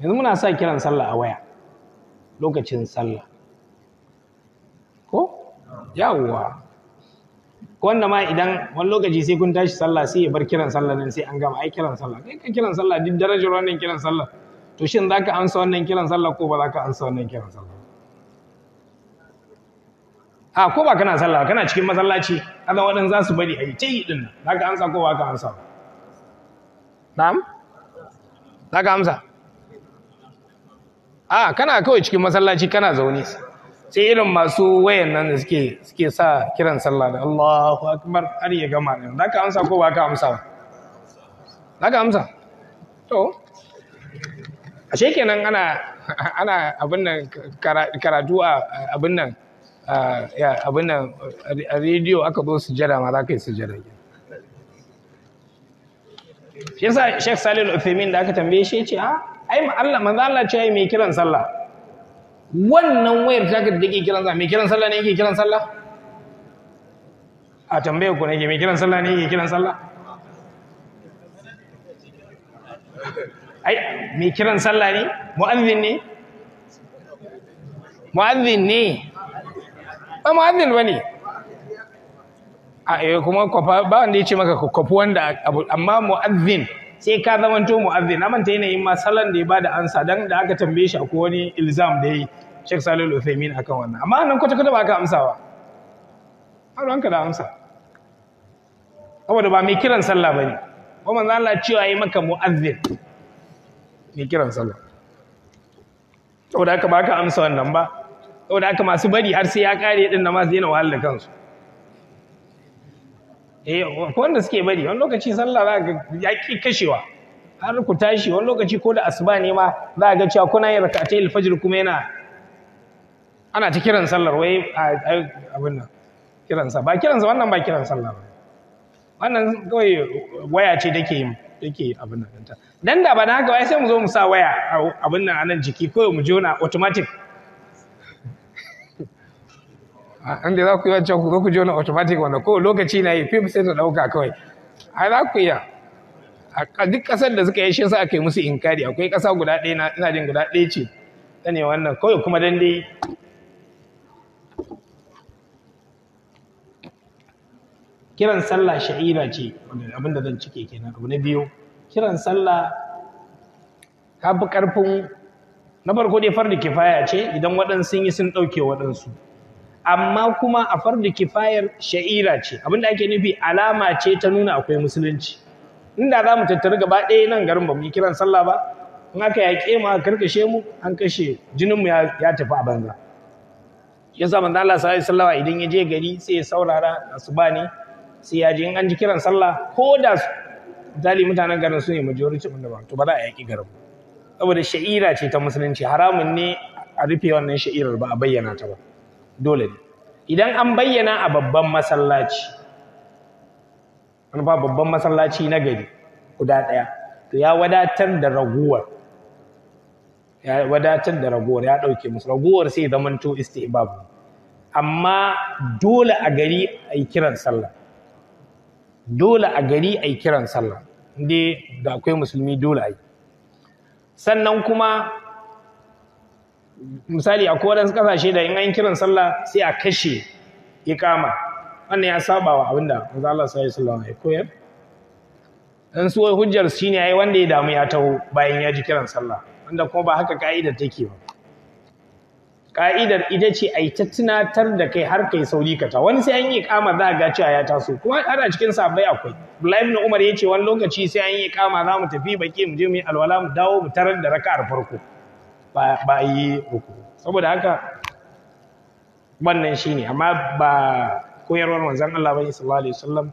yanzu muna sa kiran sallah a waya lokacin sallah ko yawwa wanda ma idan wani lokaci sai kun tashi sallah sai ya bar kiran sallah nan sai an gama ai kiran sallah kai ka kiran sallah duk darajar wannan kiran sallah to shin za ka ansa wannan kiran sallah ko ba za ka ansa wannan kiran sallah a ko ba kana sallah kana cikin masallaci kana wadan za su bari a yi din yi ɗin za ka ansa ko ba ka ansa na'am zaka ka amsa a kana kawai cikin masallaci kana zaune sai irin masu wayan nan da suke suke sa kiran sallah da Allahu akbar har ya gama ne ka amsa ko ba ka amsa ka amsa to ashe kenan ana ana abin nan karatu a abin nan ya abin nan a rediyo aka zo sujada ma za ka yi sujada shi yasa Sheikh Salih Al-Uthaymeen da aka tambaye shi ya ce a ah, ai Allah manzo Allah ce mai kiran sallah wannan wayar ta da ke kiran sallah mai kiran sallah ne yake kiran sallah a tambaye ku nake mai kiran sallah ne yake kiran sallah ai mai kiran sallah ne mu'adhdhin ne mu'adhdhin ne ba mu'adhdhin bane a eh kuma ba wanda ya ce maka kwafi wanda amma mu'adhdhin sai ka zamanto mu'azzin na manta yanayin ma salon da ya bada ansa dan da aka tambaye shi akwai wani ilzam da yayi Sheikh Salihu uthaymeen akan wannan amma nan kwata kwata ba ka amsawa har ranka da amsa saboda ba mai kiran sallah bane ko manzo Allah cewa yi maka mu'azzin mai kiran sallah saboda haka ba ka amsa wannan ba saboda haka masu bari har sai ya kare din namazi yana wahala kansu Eh, wanda suke bari wani lokaci sallah za ga yaƙi kashewa har ku tashi wani lokaci ko da asuba ne ma za ga cewa kuna yin rakatai alfajir kuma yana ana ta kiran sallar wai abin nan kiransa ba kiransa wannan ba kiran sallar wannan kawai waya ce take ke take abin nan dan da ba na haka wai sai mu zo mu sa waya abin nan a nan jiki kawai mu jona automatic inda za ku yi wancan ku zo ku ji wani automatic wanda ko lokaci na yi fim sai su ɗauka kawai a za ku iya a duk ƙasar da suka yi shi sa aka yi musu inkari akwai ƙasa guda ɗaya na ina jin guda ɗaya ce ta ne wannan kawai kuma dan dai kiran sallah sha'ira ce wanda abin da zan cike kenan abu na biyu kiran sallah ka fi ƙarfin na farko dai farda kifaya ce idan waɗansu sun yi sun ɗauke waɗansu amma kuma a fardu kifayar sha'ira ce abinda ake nufi alama ce ta nuna akwai musulunci inda za mu tattara gaba ɗaya nan garin ba mu yi kiran sallah ba in aka yaƙe mu aka karkashe mu an kashe jininmu ya tafi a banza ya sa manzo Allah sallallahu alaihi wasallam idan ya je gari sai ya saurara asuba ne sai ya je in an ji kiran sallah ko da zali mutanen garin su ne majority mun da ba to ba za a yaƙi garin saboda sha'ira ce ta musulunci haramun ne a rufe wannan sha'irar ba a bayyana ta ba dole ne idan an bayyana a babban masallaci an ba babban masallaci na gari guda ɗaya to ya wadatar da raguwar ya wadatar da raguwar ya ɗauke musu raguwar sai zamanto istibab amma dole a gari a yi kiran sallah dole a gari a kiran sallah inda ga akwai musulmi dole a yi sannan kuma misali a kowadansu kasashe da in an kiran sallah sai a kashe ikama wannan ya saba wa abinda manzo Allah sallallahu alaihi ya koyar dan su hujjar shine ai wanda ya damu ya taho bayan ya ji kiran sallah wanda kuma ba haka ka'idar take ba ka'idar ita ce ai ta tunatar da kai har kai sauri ka ta wani sai an yi ikama za ga cewa ya taso kuma har a cikin sabai akwai Abdullahi ibn Umar ce wani lokaci sai an yi ikama za mu tafi baki mu je mu yi alwala mu dawo mu tarar da raka'ar farko bayi uku saboda haka wannan shine amma ba koyarwar manzon Allah bane sallallahu alaihi wasallam